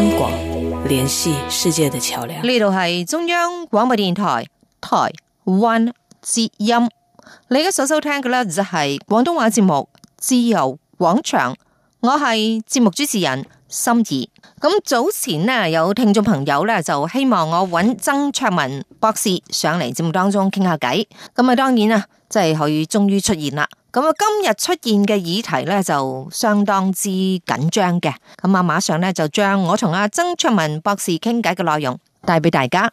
香港聯繫世界的橋樑，呢度係中央廣播電台台灣之音，你而家所收聽嘅咧就係廣東話節目自由廣場，我係節目主持人心怡。咁早前呢，有聽眾朋友呢，就希望我揾曾焯文博士上嚟節目當中傾下偈。咁啊，當然啦，即係佢終於出現啦。咁啊，今日出現嘅議題呢，就相當之緊張嘅。咁啊，馬上呢，就將我同阿曾焯文博士傾偈嘅內容帶俾大家。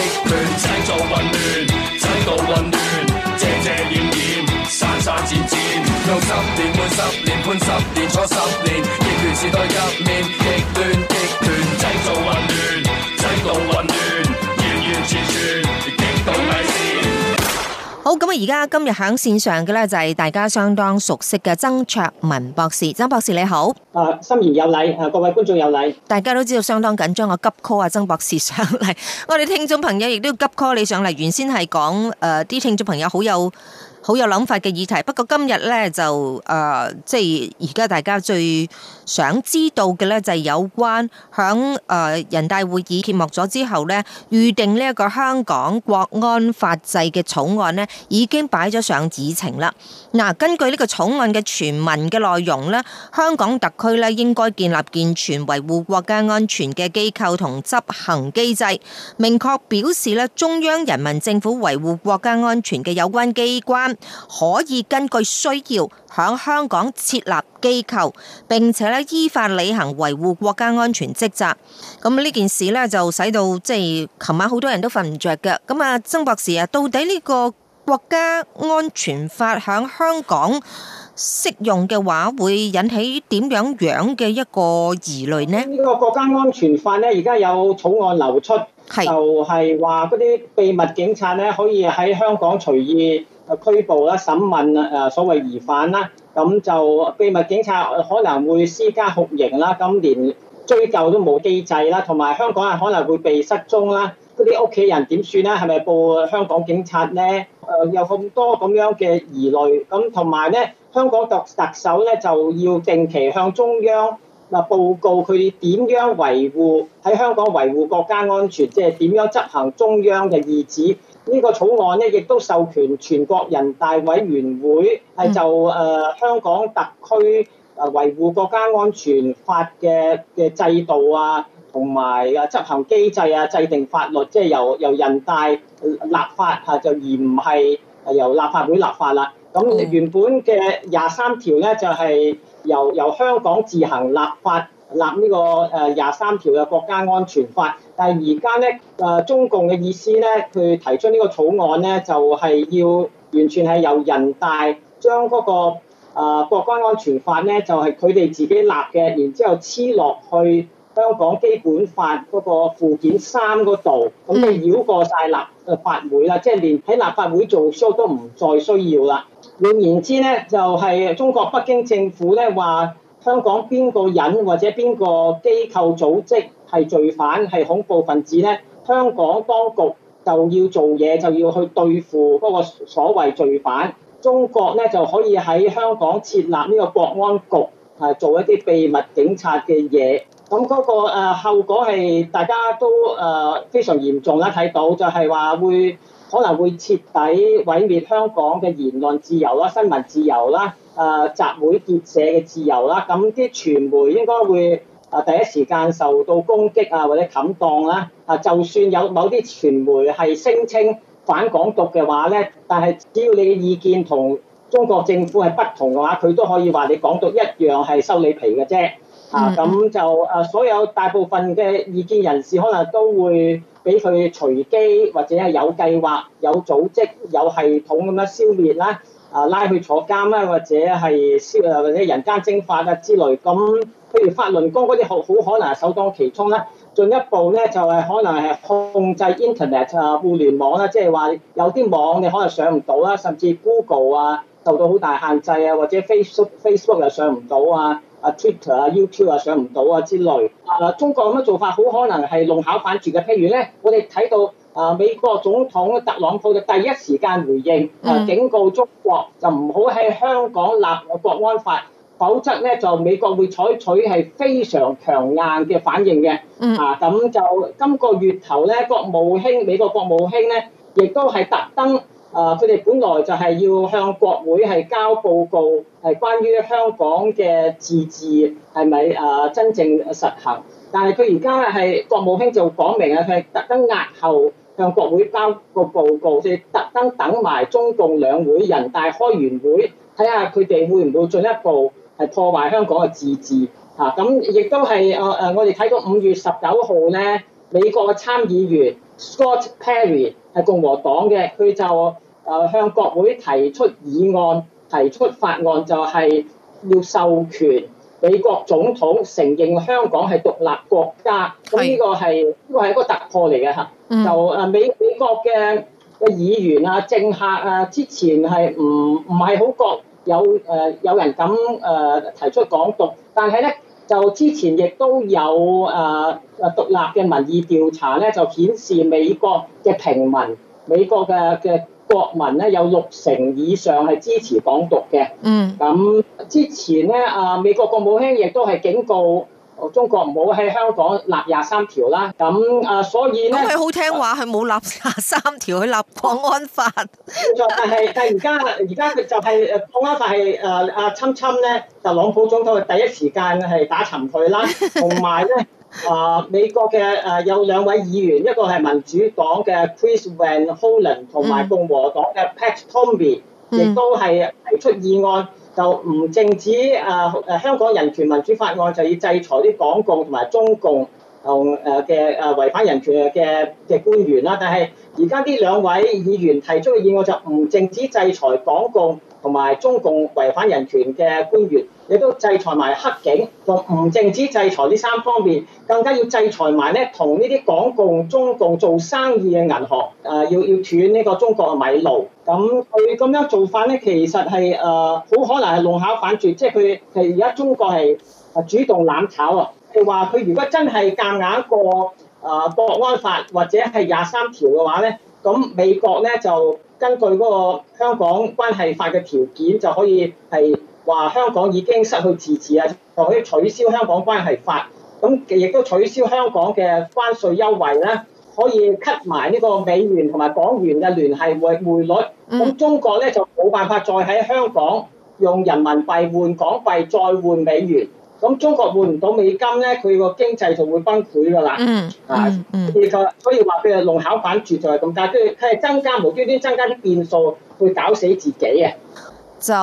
製造混亂，製造混亂，遮遮掩掩，散散剪剪，用十年換十年判十年坐十年，極權時代入面。好咁啊！而家今日響線上嘅咧就係、是、大家相當熟悉嘅曾焯文博士，曾博士你好。啊、呃，心怡有禮，啊、呃、各位觀眾有禮。大家都知道相當緊張，我急 call 啊曾博士上嚟。 我哋聽眾朋友亦都要急 call 你上嚟。原先係講誒啲聽眾朋友有好有好有諗法嘅議題，不過今日咧就誒、呃、即係而家大家最。想知道嘅咧就係有關響誒人大會議揭幕咗之後咧，預定呢一個香港國安法制嘅草案咧已經擺咗上議程啦。嗱，根據呢個草案嘅全文嘅內容咧，香港特區咧應該建立健全維護國家安全嘅機構同執行機制，明確表示咧中央人民政府維護國家安全嘅有關機關可以根據需要響香港設立機構，並且咧。依法履行維護國家安全職責，咁呢件事呢就使到即係琴晚好多人都瞓唔着嘅。咁啊，曾博士啊，到底呢個國家安全法響香港適用嘅話，會引起點樣樣嘅一個疑慮呢？呢個國家安全法呢而家有草案流出，係是就係話嗰啲秘密警察咧可以喺香港隨意拘捕啦、審問啊、呃、所謂疑犯啦。咁就秘密警察可能會私家酷刑啦，咁連追究都冇機制啦，同埋香港人可能會被失蹤啦，嗰啲屋企人點算咧？係咪報香港警察咧？誒，有咁多咁樣嘅疑慮，咁同埋咧，香港特特首咧就要定期向中央嗱報告佢點樣維護喺香港維護國家安全，即係點樣執行中央嘅意志。呢個草案咧，亦都授權全國人大委員會係、嗯、就誒、呃、香港特區誒維護國家安全法嘅嘅制度啊，同埋啊執行機制啊，制定法律，即、就、係、係、由由人大立法嚇、啊，就而唔係由立法會立法啦。咁原本嘅廿三條咧，就係、係、由由香港自行立法。立呢個誒廿三條嘅國家安全法，但係而家咧誒中共嘅意思咧，佢提出呢個草案咧，就係、是、要完全係由人大將嗰、那個誒、啊、國家安，安全法咧，就係佢哋自己立嘅，然之後黐落去香港基本法嗰個附件三嗰度，咁就繞過晒立法會啦，即係、嗯、連喺立法會做 show 都唔再需要啦。換言之咧，就係、是、中國北京政府咧話。香港邊個人或者邊個機構組織係罪犯，係恐怖分子呢？香港當局就要做嘢，就要去對付嗰個所謂罪犯。中國呢，就可以喺香港設立呢個國安局，係做一啲秘密警察嘅嘢。咁嗰個誒後果係大家都誒非常嚴重啦，睇到就係話會可能會徹底毀滅香港嘅言論自由啦、新聞自由啦。集會結社嘅自由啦，咁啲傳媒應該會誒第一時間受到攻擊啊，或者冚檔啦。啊，就算有某啲傳媒係聲稱反港獨嘅話呢，但係只要你嘅意見同中國政府係不同嘅話，佢都可以話你港獨一樣係收你皮嘅啫。啊、嗯，咁就誒所有大部分嘅意見人士可能都會俾佢隨機或者係有計劃、有組織、有系統咁樣消滅啦。啊！拉去坐監啦，或者係燒或者人間蒸發啊之類。咁譬如法輪功嗰啲，好好可能首當其衝啦、啊。進一步咧，就係、是、可能係控制 internet 啊，互聯網啦、啊，即係話有啲網你可能上唔到啦，甚至 Google 啊受到好大限制啊，或者 book, Facebook Facebook 又上唔到啊，啊 Twitter 啊 YouTube 又上唔到啊之類。啊，中國咁嘅做法，好可能係弄巧反拙嘅。譬如咧，我哋睇到。啊！美國總統特朗普就第一時間回應，啊，警告中國就唔好喺香港立國安法，否則咧就美國會採取係非常強硬嘅反應嘅。嗯。啊，咁就今個月頭咧，國務卿美國國務卿咧，亦都係特登，啊，佢哋本來就係要向國會係交報告，係關於香港嘅自治係咪啊真正實行，但係佢而家咧係國務卿就講明啊，佢係特登押後。向國會交個報告，佢特登等埋中共兩會、人大開完會，睇下佢哋會唔會進一步係破壞香港嘅自治。嚇，咁亦都係誒誒，我哋睇到五月十九號咧，美國嘅參議員 Scott Perry 係共和黨嘅，佢就誒、呃、向國會提出議案，提出法案就係要授權。美國總統承認香港係獨立國家，咁呢個係呢個係一個突破嚟嘅嚇。嗯、就誒美美國嘅、嘅議員啊、政客啊，之前係唔唔係好覺有誒有人敢誒提出港獨，但係咧就之前亦都有誒誒獨立嘅民意調查咧，就顯示美國嘅平民、美國嘅嘅。國民咧有六成以上係支持港獨嘅，嗯，咁、嗯、之前咧啊美國國務卿亦都係警告中國唔好喺香港立廿三條啦，咁、嗯、啊所以咧，佢好聽話，佢冇、啊、立廿三條，去立《國、 就係、安法》啊，但係但係而家而家佢就係《國安法》係啊啊侵侵咧，特朗普總統佢第一時間係打沉佢啦，同埋咧。啊！美國嘅誒、啊、有兩位議員，一個係民主黨嘅 Chris Van Hollen 同埋共和黨嘅 Pat Toomey 亦都係提出議案，就唔淨止誒誒、啊啊、香港人權民主法案，就要制裁啲港共同埋中共同誒嘅誒違反人權嘅嘅官員啦、啊。但係而家呢兩位議員提出嘅議案就唔淨止制裁港共。同埋中共違反人權嘅官員，亦都制裁埋黑警，就唔淨止制裁呢三方面，更加要制裁埋咧同呢啲港共中共做生意嘅銀行啊、呃，要要斷呢個中國嘅米路。咁佢咁樣做法咧，其實係誒好可能係弄巧反拙，即係佢係而家中國係主動攬炒啊！佢話佢如果真係夾硬過誒《國安法》或者係廿三條嘅話咧，咁、嗯、美國咧就。根據嗰個香港關係法嘅條件，就可以係話香港已經失去自治啊，就可以取消香港關係法，咁亦都取消香港嘅關稅優惠啦，可以 cut 埋呢個美元同埋港元嘅聯繫匯匯率，咁中國咧就冇辦法再喺香港用人民幣換港幣再換美元。咁中國換唔到美金咧，佢個經濟就會崩潰㗎喇。嗯嗯嗯。所以話俾你，弄巧反拙就係咁，但係佢係增加無端端增加啲變數，會搞死自己呀。就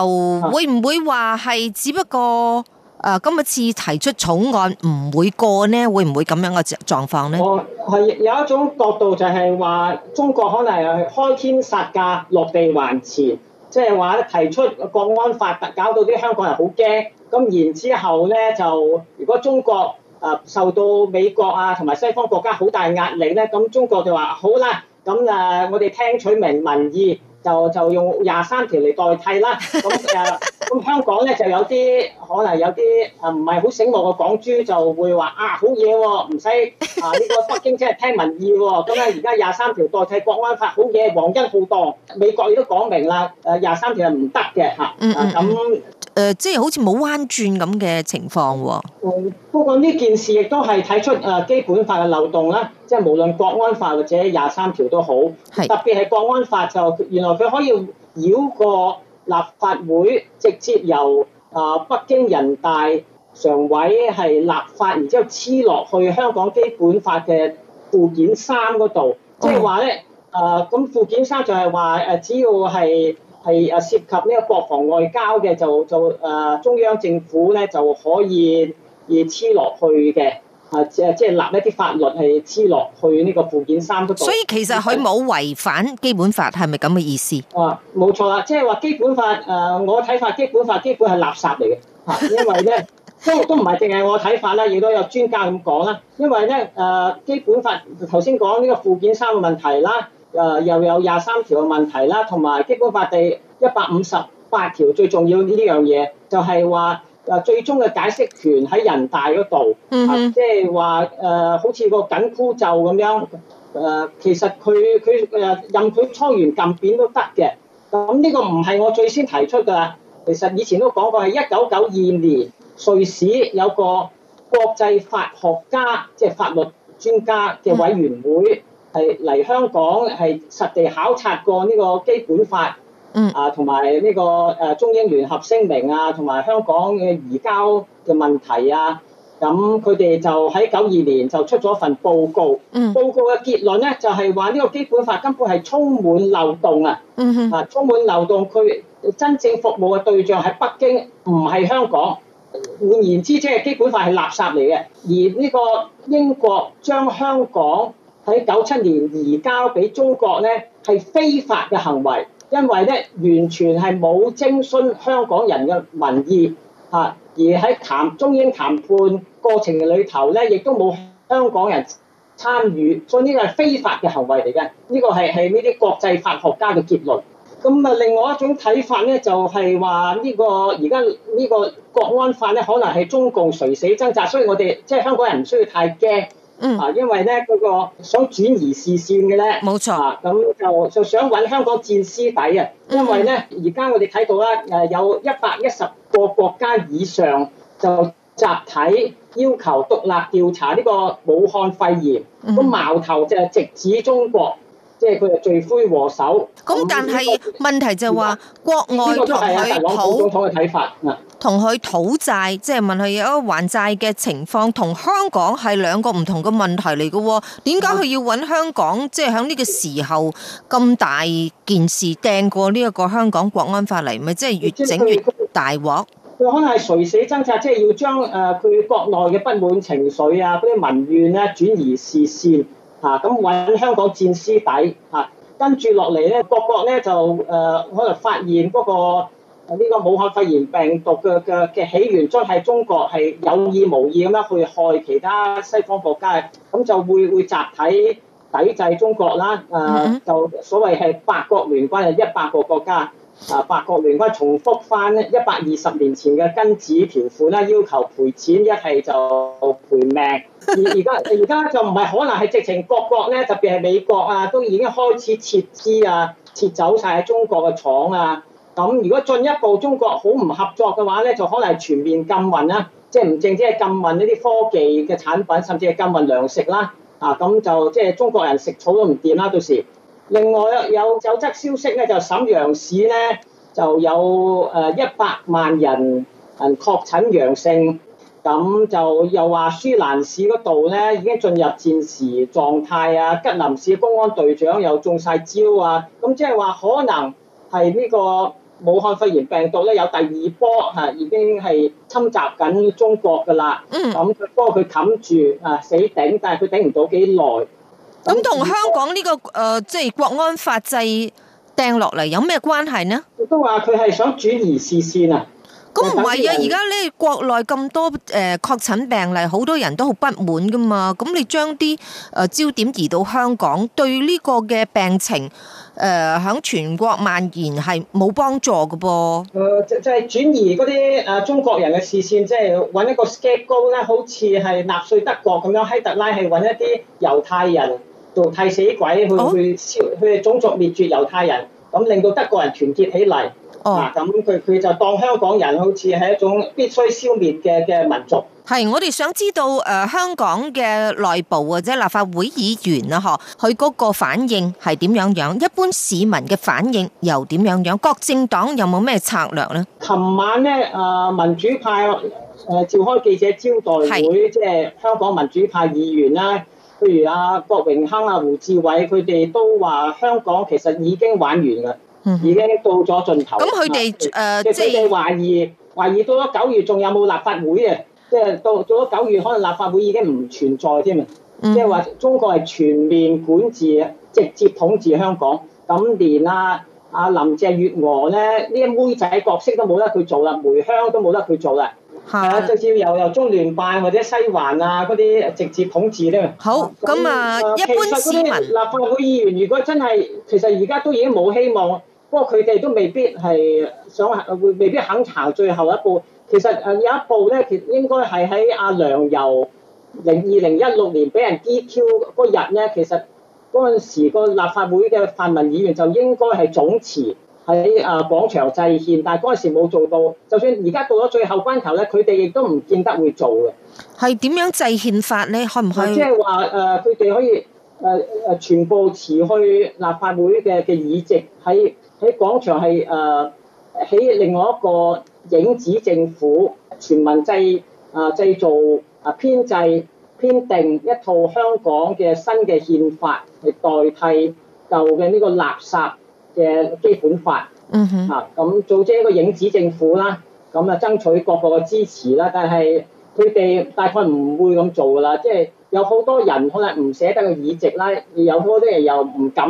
會唔會話係只不過誒、呃、今日次提出草案唔會過呢？會唔會咁樣嘅狀況呢？係、哦、有一種角度就係話中國可能係開天殺價、落地還錢，即係話提出國安法，搞到啲香港人好驚。咁然之後咧，就如果中國啊，呃、受到美國啊同埋西方國家好大壓力咧，咁中國就話好啦，咁誒、啊、我哋聽取民民意，就就用廿三條嚟代替啦，咁誒、啊。 咁香港咧就有啲可能有啲啊唔係好醒目嘅港豬就會話啊好嘢喎、哦，唔使啊呢、呢個北京真係聽民意喎、哦。咁咧而家廿三條代替國安法好嘢，皇恩浩蕩，美國亦都講明啦。誒廿三條係唔得嘅嚇。嗯咁、嗯、誒、嗯啊呃、即係好似冇彎轉咁嘅情況喎、哦嗯。不過呢件事亦都係睇出誒基本法嘅漏洞啦。即、就、係、是、無論國安法或者廿三條都好，特別係國安法就原來佢可以繞過。立法會直接由啊北京人大常委係立法，然之後黐落去香港基本法嘅附件三嗰度，即係話咧啊，咁附件三就係話誒，只要係係啊涉及呢個國防外交嘅，就就啊中央政府咧就可以而黐落去嘅。啊！即係立一啲法律係黐落去呢個附件三嗰度，所以其實佢冇違反基本法，係咪咁嘅意思？啊、哦，冇錯啦，即係話基本法誒，我睇法基本法基本係垃圾嚟嘅，吓，因為咧 都都唔係淨係我睇法啦，亦都有專家咁講啦。因為咧誒，基本法頭先講呢個附件三嘅問題啦，誒又有廿三條嘅問題啦，同埋基本法第一百五十八條最重要呢樣嘢，就係話。嗱，最終嘅解釋權喺人大嗰度，即係話誒，好似個緊箍咒咁樣，誒、呃，其實佢佢誒任佢初元撳扁都得嘅。咁呢個唔係我最先提出㗎，其實以前都講過，係一九九二年瑞士有個國際法學家，即係法律專家嘅委員會係嚟、mm hmm. 香港係實地考察過呢個基本法。啊，同埋呢個誒中英聯合聲明啊，同埋香港嘅移交嘅問題啊，咁佢哋就喺九二年就出咗份報告。嗯，報告嘅結論咧就係話呢個基本法根本係充滿漏洞啊。嗯、啊、哼，啊充滿漏洞，佢真正服務嘅對象係北京，唔係香港。換言之，即係基本法係垃圾嚟嘅，而呢個英國將香港喺九七年移交俾中國咧係非法嘅行為。因為咧完全係冇徵詢香港人嘅民意嚇、啊，而喺談中英談判過程嘅裏頭咧，亦都冇香港人參與，所以呢個係非法嘅行為嚟嘅。呢、呢個係係呢啲國際法學家嘅結論。咁啊，另外一種睇法咧，就係話呢個而家呢個國安法咧，可能係中共垂死掙扎，所以我哋即係香港人唔需要太驚。嗯，啊，因為咧嗰個想轉移視線嘅咧，冇錯，咁就、啊、就想揾香港墊屍底啊。嗯、因為咧，而家我哋睇到啦，誒有一百一十個國家以上就集體要求獨立調查呢個武漢肺炎，個矛、嗯、頭就係直指中國，即係佢係罪魁禍首。咁、嗯嗯、但係問題就話、係、國外同佢討總統嘅睇法啊。同佢討債，即係問佢有冇還債嘅情況，同香港係兩個唔同嘅問題嚟嘅。點解佢要揾香港？即係喺呢個時候咁大件事掟過呢一個香港國安法嚟，咪即係越整越大鑊？佢可能係垂死掙扎，即係要將誒佢國內嘅不滿情緒啊，嗰啲民怨咧轉移視線嚇，咁揾香港墊屍底嚇。跟住落嚟咧，各國咧就誒可能發現嗰個。呢個武漢肺炎病毒嘅嘅嘅起源將係中國係有意無意咁樣去害其他西方國家嘅，咁就會會集體抵制中國啦。誒、啊，就所謂係八國聯軍啊，一百個國家啊，八國聯軍重複翻一百二十年前嘅庚子條款啦，要求賠錢，一係就賠命。而而家而家就唔係可能係直情各國咧，特別係美國啊，都已經開始撤資啊，撤走晒喺中國嘅廠啊。咁如果進一步中國好唔合作嘅話咧，就可能係全面禁運啦，即係唔淨止係禁運呢啲科技嘅產品，甚至係禁運糧食啦。啊，咁就即係中國人食草都唔掂啦，到時。另外有有則消息咧，就是、沈陽市咧就有誒一百萬人誒確診陽性，咁就又話舒蘭市嗰度咧已經進入戰時狀態啊！吉林市公安隊長又中晒招啊！咁即係話可能係呢、這個。武漢肺炎病毒咧有第二波嚇、啊，已經係侵襲緊中國㗎啦。咁不過佢冚住嚇死頂，但係佢頂唔到幾耐。咁、嗯、同香港呢、呢個誒即係國安法制掟落嚟有咩關係呢？我都話佢係想轉移視線啊！咁唔係啊！而家呢國內咁多誒確診病例，好多人都好不滿噶嘛。咁你將啲誒焦點移到香港，對呢個嘅病情誒響、呃、全國蔓延係冇幫助嘅噃。誒、呃、就就係、係轉移嗰啲誒中國人嘅視線，即係揾一個 scapegoat，好似係納粹德國咁樣，希特拉係揾一啲猶太人做替死鬼，去去、哦、去種族滅絕猶太人，咁令到德國人團結起嚟。咁佢佢就當香港人好似係一種必須消滅嘅嘅民族。係，我哋想知道誒、呃，香港嘅內部或者、就是、立法會議員啊，嗬，佢嗰個反應係點樣樣？一般市民嘅反應又點樣樣？各政黨有冇咩策略呢？琴晚咧，誒、呃，民主派誒、呃、召開記者招待會，即係是香港民主派議員啦，譬如阿、啊、郭榮鏗、啊、阿胡志偉，佢哋都話香港其實已經玩完啦。已經到咗盡頭。咁佢哋誒，即佢哋懷疑懷疑到咗九月，仲有冇立法會啊？即係到到咗九月，可能立法會已經唔存在添啊！即係話中國係全面管治，直接統治香港。咁連阿阿林鄭月娥咧，呢啲妹仔角色都冇得佢做啦，梅香都冇得佢做啦。係啊，直接由由中聯辦或者西環啊嗰啲直接統治咧。好，咁啊以，一般市民立法會議員如果真係，其實而家都已經冇希望，不過佢哋都未必係想，未必肯行最後一步。其實誒有一步咧，其實應該係喺阿梁由零二零一六年俾人 DQ 嗰日咧，其實嗰陣時個立法會嘅泛民議員就應該係總辭。喺啊廣場制憲，但係嗰陣時冇做到。就算而家到咗最後關頭咧，佢哋亦都唔見得會做㗎。係點樣制憲法咧？可唔可以？即係話誒，佢、呃、哋可以誒誒、呃，全部辭去立法會嘅嘅議席，喺喺廣場係誒喺另外一個影子政府全民制啊製造啊編制編定一套香港嘅新嘅憲法，嚟代替舊嘅呢個垃圾。嘅基本法、mm hmm。啊，咁做即係一個影子政府啦，咁啊爭取各個嘅支持啦，但係佢哋大概唔會咁做噶啦，即係有好多人可能唔捨得個議席啦，有好多嘢又唔敢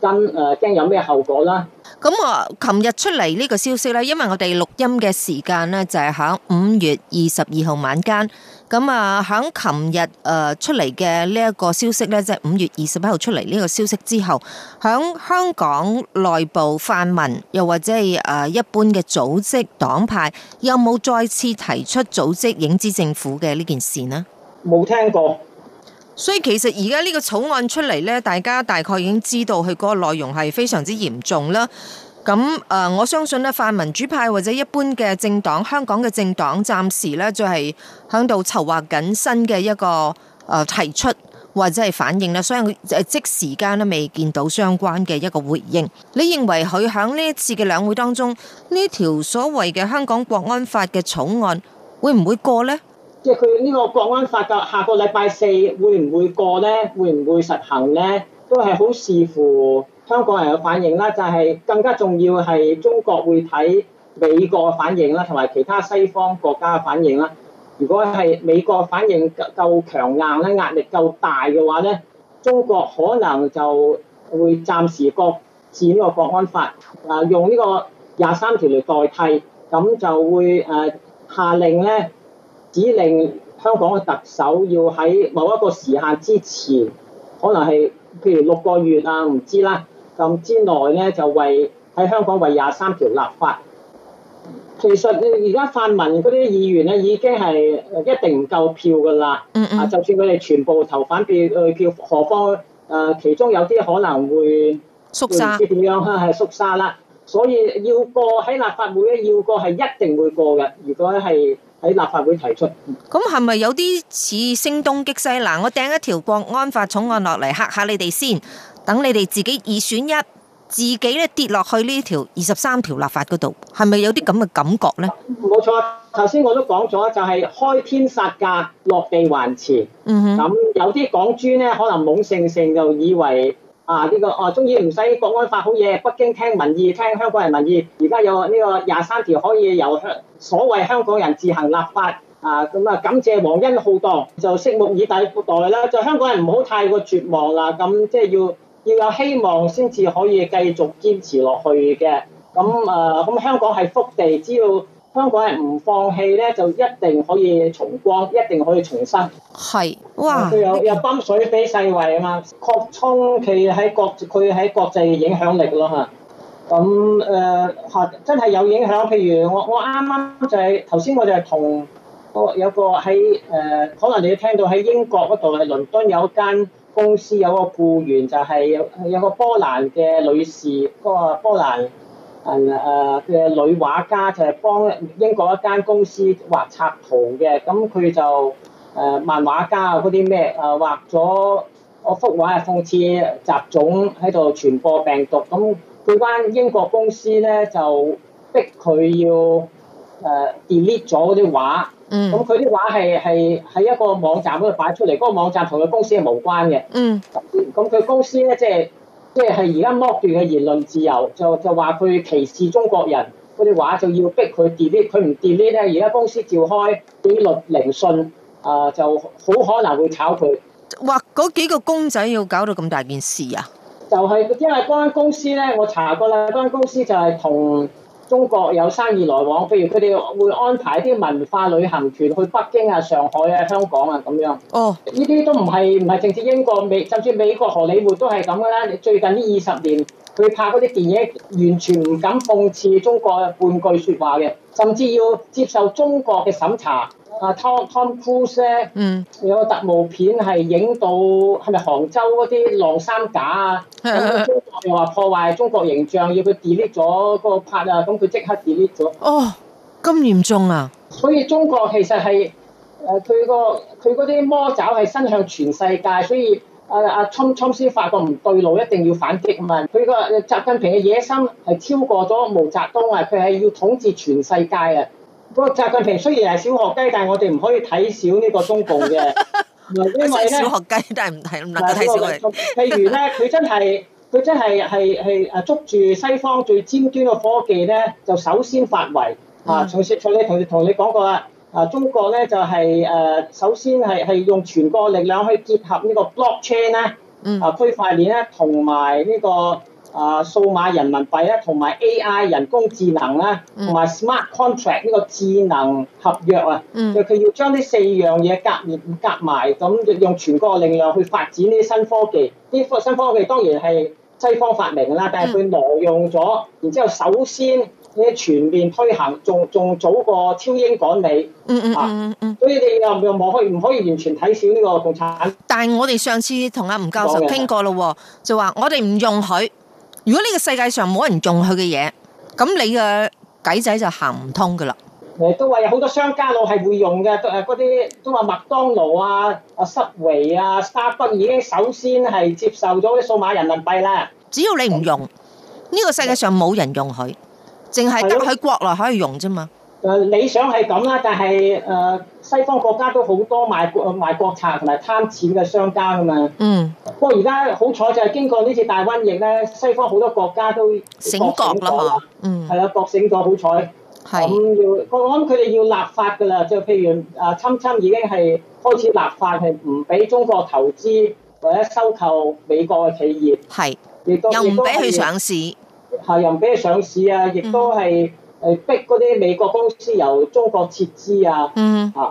跟誒，驚、呃、有咩後果啦。咁啊，琴日出嚟呢個消息咧，因為我哋錄音嘅時間咧就係喺五月二十二號晚間。咁啊！響琴日誒出嚟嘅呢一個消息咧，即係五月二十一號出嚟呢個消息之後，響香港內部泛民又或者係誒一般嘅組織黨派，有冇再次提出組織影子政府嘅呢件事呢？冇聽過。所以其實而家呢個草案出嚟咧，大家大概已經知道佢嗰個內容係非常之嚴重啦。咁誒、嗯，我相信呢，泛民主派或者一般嘅政黨，香港嘅政黨暫時呢，就係響度籌劃緊新嘅一個誒提出或者係反應啦。所以即時間咧，未見到相關嘅一個回應。你認為佢響呢一次嘅兩會當中，呢條所謂嘅香港國安法嘅草案會唔會過呢？即係佢呢個國安法嘅下個禮拜四會唔會過呢？會唔會實行呢？都係好視乎。香港人嘅反應啦，就係更加重要係中國會睇美國嘅反應啦，同埋其他西方國家嘅反應啦。如果係美國反應夠強硬咧，壓力夠大嘅話咧，中國可能就會暫時擱置呢個《國安法》，啊，用呢個廿三條嚟代替，咁就會誒下令咧，指令香港嘅特首要喺某一個時限之前，可能係譬如六個月啊，唔知啦。咁之內咧，就為喺香港為廿三條立法。其實而家泛民嗰啲議員咧，已經係一定唔夠票噶啦。嗯嗯。啊，就算佢哋全部投反票，佢叫何況？誒，其中有啲可能會縮沙，唔知點樣啦，係縮沙啦。所以要過喺立法會咧，要過係一定會過嘅。如果係喺立法會提出，咁係咪有啲似聲東擊西嗱？我掟一條國安法草案落嚟嚇下你哋先。等你哋自己二選一，自己咧跌落去呢條二十三條立法嗰度，係咪有啲咁嘅感覺呢？冇錯，頭先我都講咗，就係、是、開天殺價，落地還錢。嗯咁、mm hmm. 有啲港豬咧，可能懵盛盛就以為啊呢、這個哦，終於唔使國安法好嘢，北京聽民意，聽香港人民意。而家有呢個廿三條可以由香所謂香港人自行立法啊。咁啊，感謝皇恩浩蕩，就拭目以待待啦。就香港人唔好太過絕望啦，咁即係要。要有希望先至可以繼續堅持落去嘅，咁啊，咁、呃、香港係福地，只要香港係唔放棄咧，就一定可以重光，一定可以重生。係，哇！佢有哇有泵水俾世衛啊嘛，擴充佢喺國佢喺國際嘅影響力咯嚇。咁誒嚇，真係有影響。譬如我我啱啱就係頭先，我剛剛就係、是、同有個喺誒、呃，可能你聽到喺英國嗰度係倫敦有一間。公司有個雇員就係有個波蘭嘅女士，個波蘭誒誒嘅女畫家，就係幫英國一間公司畫插圖嘅。咁佢就誒漫畫家啊，嗰啲咩誒畫咗一幅畫係諷刺雜種喺度傳播病毒。咁嗰間英國公司咧就逼佢要誒 delete 咗嗰啲畫。咁佢啲畫係係喺一個網站嗰度擺出嚟，嗰、嗰個網站同佢公司係無關嘅。嗯，咁佢公司咧即係即係係而家剝奪嘅言論自由，就就話佢歧視中國人，嗰啲畫就要逼佢 delete，佢唔 delete 咧，而家公司召開紀律聆訊啊、呃，就好可能會炒佢。哇！嗰幾個公仔要搞到咁大件事啊？就係因為嗰間公司咧，我查過啦，嗰間公司就係同中國有生意來往，譬如佢哋會安排啲文化旅行團去北京啊、上海啊、香港啊咁樣。哦，呢啲都唔係唔係淨係英國、美，甚至美國荷里活都係咁噶啦。你最近呢二十年，佢拍嗰啲電影完全唔敢諷刺中國半句説話嘅，甚至要接受中國嘅審查。啊 Tom Cruise 有個特務片係影到係咪杭州嗰啲晾衫架啊？咁佢又話破壞中國形象，要佢 delete 咗個 part 啊！咁佢即刻 delete 咗。哦，咁嚴重啊！所以中國其實係誒佢個佢嗰啲魔爪係伸向全世界，所以阿阿侵侵先發覺唔對路，一定要反擊啊！佢個習近平嘅野心係超過咗毛澤東啊！佢係要統治全世界啊！個習近平雖然係小學雞，但係我哋唔可以睇小呢個中共嘅，因為咧 小學雞都係唔睇唔睇小佢譬 如咧，佢真係佢真係係係誒捉住西方最尖端嘅科技咧，就首先發圍、嗯、啊！從事從你同同你，你，你講過啦，啊中國咧就係、是、誒、啊、首先係係用全國力量去結合呢個 block chain 咧、嗯，啊區塊鏈咧同埋呢、這個。啊，數碼人民幣咧，同埋 A.I. 人工智能咧，同埋 Smart Contract 呢個智能合約啊，就佢要將呢四樣嘢夾夾埋，咁用全國嘅力量去發展呢啲新科技，呢啲新科技當然係西方發明啦，但係佢挪用咗，然之後首先嘅全面推行，仲仲早過超英趕美，嗯嗯嗯嗯，所以你又又唔可以唔可以完全睇少呢個共產。但係我哋上次同阿吳教授傾過咯，就話我哋唔用佢。如果呢個世界上冇人用佢嘅嘢，咁你嘅計仔就行唔通噶啦。誒，都話有好多商家佬係會用嘅，誒，啲都話麥當勞啊、Subway 啊、Starbucks 已經首先係接受咗啲數碼人民幣啦。只要你唔用，呢、這個世界上冇人用佢，淨係得喺國內可以用啫嘛。誒的，理想係咁啦，但係誒。呃西方國家都好多賣國賣國賊同埋貪錢嘅商家噶嘛、嗯、嘛。嗯。不過而家好彩就係經過呢次大瘟疫咧，西方好多國家都醒覺啦嘛。嗯。係啦，覺醒咗好彩。係。咁要是、嗯、我諗佢哋要立法噶啦，即係譬如啊，侵侵已經係開始立法，係唔俾中國投資或者收購美國嘅企業。係是。亦都也又唔俾佢上市。係、啊，又唔俾佢上市啊！亦都係係逼嗰啲美國公司由中國撤資啊。嗯。啊！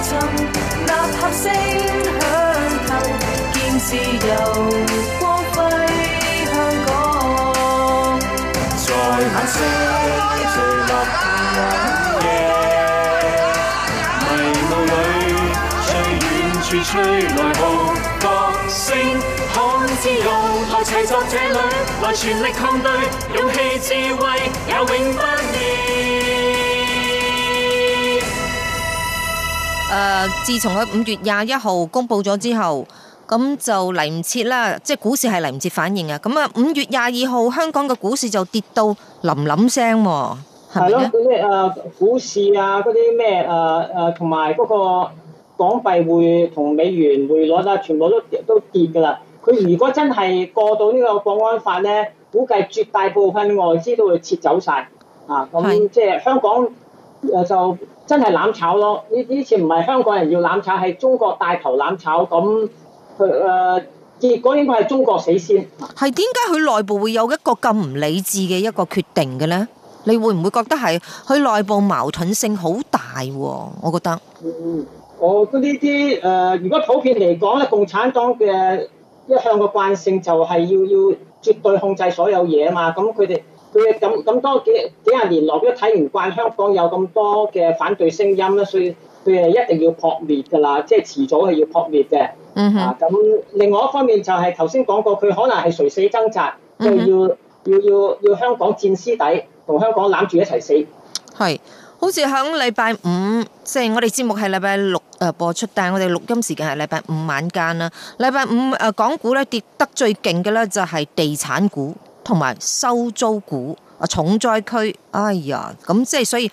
吶喊聲響遍，見自由光輝香港。誰喊聲？誰立正？夜迷霧裏，最遠處吹來號角聲，看自由來齊在這裏，來全力抗敵，勇氣智慧也永不滅。誒，自從佢五月廿一號公布咗之後，咁就嚟唔切啦，即係股市係嚟唔切反應啊！咁啊，五月廿二號香港嘅股市就跌到冧冧聲，係咪啊？係咯，啲誒股市啊，嗰啲咩誒誒，同埋嗰個港幣匯同美元匯率啊，全部都都跌噶啦！佢如果真係過到呢個國安法咧，估計絕大部分外資都會撤走晒的啊！咁即係香港。誒就真係攬炒咯！依以前唔係香港人要攬炒，係中國帶頭攬炒咁。誒結果應該係中國死先。係點解佢內部會有一個咁唔理智嘅一個決定嘅咧？你會唔會覺得係佢內部矛盾性好大喎？我覺得。嗯，我嗰呢啲誒，如果普遍嚟講咧，共產黨嘅一向嘅慣性就係要要絕對控制所有嘢啊嘛，咁佢哋。佢係咁咁多幾幾廿年落都睇唔慣香港有咁多嘅反對聲音啦，所以佢係一定要撲滅噶啦，即係遲早係要撲滅嘅。嗯哼、mm。咁、hmm. 啊、另外一方面就係頭先講過，佢可能係垂死掙扎，都要要要要香港墊屍底，同香港攬住一齊死。係，好似喺禮拜五，即、就、係、是、我哋節目係禮拜六誒播出，但係我哋錄音時間係禮拜五晚間啦。禮拜五誒港股咧跌得最勁嘅咧就係地產股。同埋收租股啊，重災區，哎呀，咁即係所以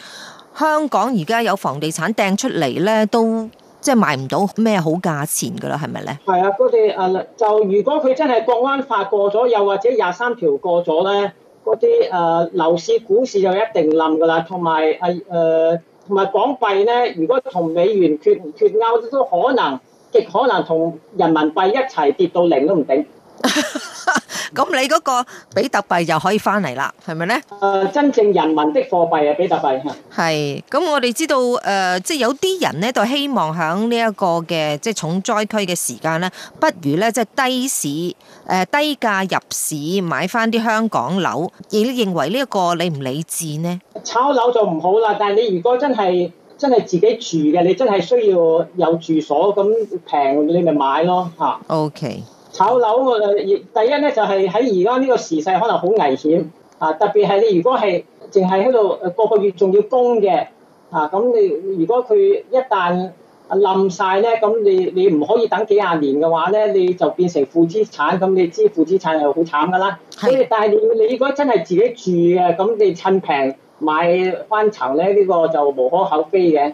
香港而家有房地產掟出嚟咧，都即係賣唔到咩好價錢噶啦，係咪咧？係啊，嗰啲啊，就如果佢真係國安法過咗，又或者廿三條過咗咧，嗰啲誒樓市股市就一定冧噶啦，同埋誒誒，同、呃、埋港幣咧，如果同美元脫脫鈎都可能亦可能同人民幣一齊跌到零都唔定。咁 你嗰個比特幣又可以翻嚟啦，係咪呢？誒，真正人民的貨幣啊，比特幣係。咁我哋知道誒，即係有啲人呢，就希望喺呢一個嘅即係重災區嘅時間呢，不如呢，即係低市誒、呃、低價入市買翻啲香港樓，亦都認為呢一個理唔理智呢？炒樓就唔好啦，但係你如果真係真係自己住嘅，你真係需要有住所咁平，你咪買咯吓。OK。炒樓第一呢，就係喺而家呢個時勢可能好危險啊！特別係你如果係淨係喺度個個月仲要供嘅啊，咁你如果佢一旦冧晒呢，咁你你唔可以等幾廿年嘅話呢，你就變成負資產，咁你知負資產係好慘噶啦。所以係。但係你，你如果真係自己住嘅，咁你趁平買翻層呢，呢，呢個就無可厚非嘅。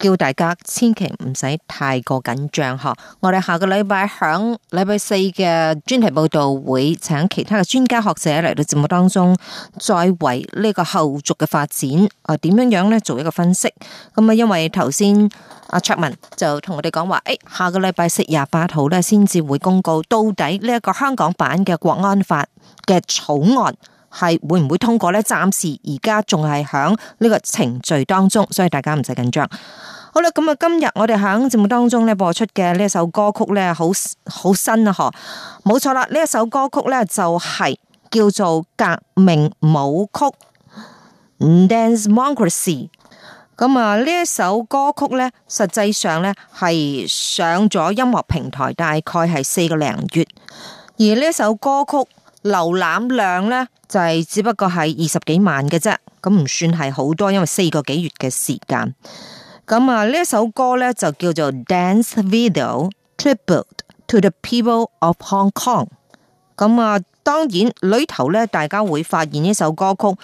叫大家千祈唔使太過緊張吓，我哋下個禮拜響禮拜四嘅專題報道會，請其他嘅專家學者嚟到節目當中，再為呢個後續嘅發展啊，點樣樣咧做一個分析。咁啊，因為頭先阿卓文就同我哋講話，誒、哎，下個禮拜四廿八號咧，先至會公告到底呢一個香港版嘅國安法嘅草案。係會唔會通過呢？暫時而家仲係響呢個程序當中，所以大家唔使緊張。好啦，咁啊，今日我哋喺節目當中咧播出嘅呢一首歌曲咧，好好新啊！嗬，冇錯啦，呢一首歌曲咧就係、是、叫做《革命舞序》（DANZMOCRAZY）。咁啊，呢、嗯、一首歌曲咧，實際上咧係上咗音樂平台大概係四個零月，而呢一首歌曲。瀏覽量呢，就係只不過係二十幾萬嘅啫，咁唔算係好多，因為四個幾月嘅時間。咁啊，呢一首歌呢，就叫做《Dance Video Tributed to the People of Hong Kong》。咁啊，當然裏頭呢，大家會發現呢首歌曲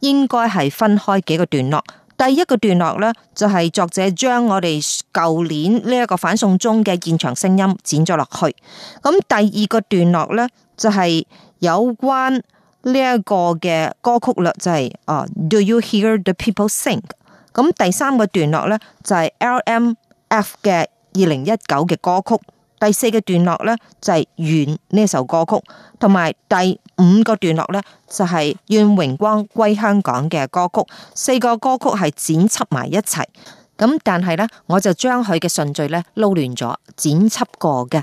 應該係分開幾個段落。第一個段落呢，就係作者將我哋舊年呢一個反送中嘅現場聲音剪咗落去。咁第二個段落呢。就係有關呢一個嘅歌曲啦，就係啊，Do you hear the people sing？咁第三個段落呢，就係 L M F 嘅二零一九嘅歌曲，第四個段落呢，就係願呢首歌曲，同埋第五個段落呢，就係願榮光歸香港嘅歌曲。四個歌曲係剪輯埋一齊，咁但係呢，我就將佢嘅順序呢撈亂咗，剪輯過嘅。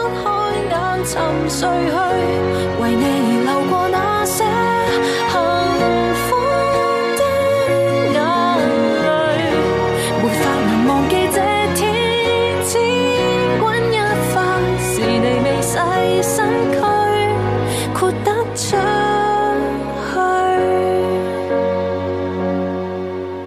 沉睡去，為你。